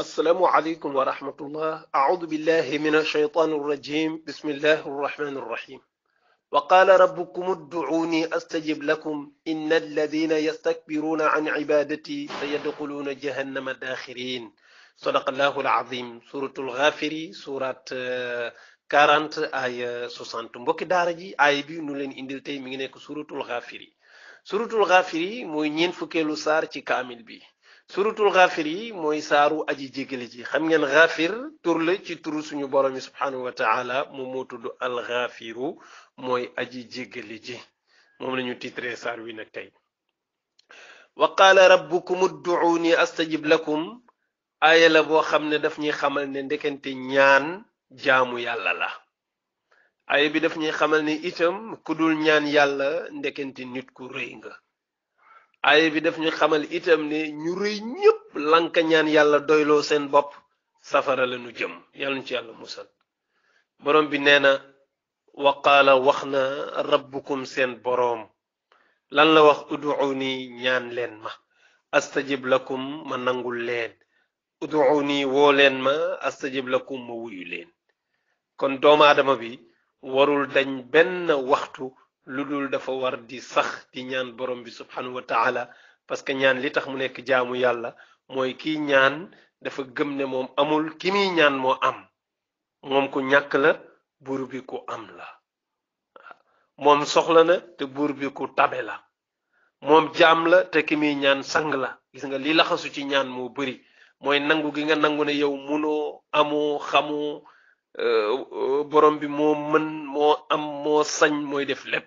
السلام عليكم ورحمة الله أعوذ بالله من الشيطان الرجيم بسم الله الرحمن الرحيم وقال ربكم ادعوني أستجب لكم إن الذين يستكبرون عن عبادتي سيدخلون جهنم داخرين صدق الله العظيم سورة الغافر سورة 40 آه، آية 60 مبوك دارجي آية بي نولين اندلتين سورة الغافر سورة الغافر موينين فكيلو fukkelu كامل بي suratul xaafir yi mooy saaru aji jéggale ji xam ngeen xaafir tur la ci tur suñu borom yi subhaanahu wa taala moom moo tudd alxaafiru mooy aji jéggale ji moom lañu ñu titré saar wi nag tey wa qaala rabbukum udduuni astajib lakum aaya la boo xam ne daf ñuy xamal ne ndekente ñaan jaamu yàlla la aaya bi daf ñuy xamal ne itam ku dul ñaan yàlla ndekente nit ku rëy nga aaya bi daf ñu xamal itam ne ñu rëy ñëpp lanka ñaan yàlla doyloo seen bopp safara la ñu jëm yàlla ñu ci yàlla musal borom bi nee na wa qaala wax na rabbukum seen boroom lan la wax uduuni ñaan leen ma astajib lakum ma nangul leen uduuni woo leen ma astajib lakum ma wuyu leen kon doomu bi warul dañ benn waxtu Lulul dafa war di sax di ñaan borom bi subhanahu wa taala parce que ñaan li tax mu nekk jaamu yàlla mooy ki ñaan dafa gëm ne moom amul ki muy ñaan moo am moom ku ñàkk la bur bi ku am la moom soxla na te bur bi ku tabe la moom jaam la te ki muy ñaan sang la gis nga li laxasu ci ñaan moo bëri mooy nangu gi nga nangu ne yow munoo amoo xamoo euh, euh, borom bi moo mën moo am moo sañ mooy def lépp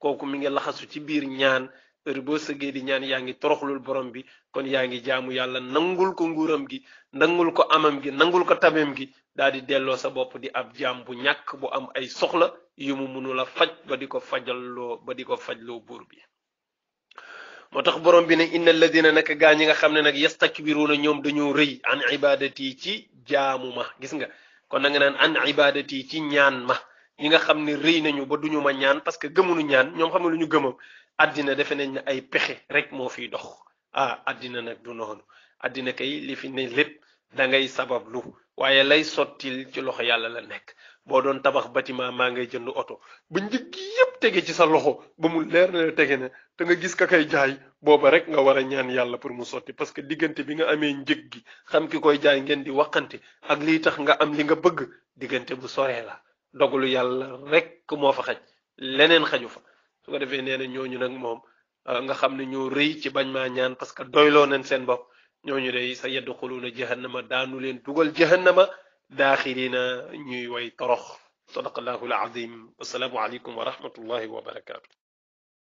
koku mi ngi laxasu ci bir ñaan heure bo sege di ñaan yaangi toroxlul borom bi kon yaangi ngi jaamu yalla nangul ko nguuram gi nangul ko amam gi nangul ko tabeem gi daal di delloo sa bop di ab jaam bu ñak bu am ay soxla yu mu la fajj ba diko ko lo ba diko ko fajloo buur bi motax borom bi ne innal ladina nak ga ñi nga xamne nak yastakbiruna ñom dañu reuy an ibadati ci jaamu ma gis nga kon na nga nan an ibadati ci ñaan ma ñi nga xam ne rëy nañu ba duñu ma ñaan parce que gëmunu ñaan ñoom xam ñu gëmam àddina defe nañ ne ay pexe rek moo fiy dox ah àddina nag du noonu àddina kay li fi ne lépp da ngay sabablu waaye lay sottil ci loxo yàlla la nekk boo doon tabax bâtiment maa ngay jënd oto bu njëg yépp tege ci sa loxo ba mu leer na tege na da nga gis ka kay jaay booba rek nga war a ñaan yàlla pour mu sotti parce que diggante bi nga amee njëg gi xam ki koy jaay ngeen di waxante ak lii tax nga am li nga bëgg diggante bu soree la dogalu yàlla rek mo fa xaj leneen xaju fa su ko defee nee na ñooñu nag moom nga xam ne ñoo rëy ci bañ maa ñaan parce que doyloo nañ seen bopp ñooñu day sa yedd xuluuna jahannama daanu leen dugal jahannama daaxirina ñuy way torox sadaqallahu alazim wasalaamu aleykum wa rahmatullahi wa barakatu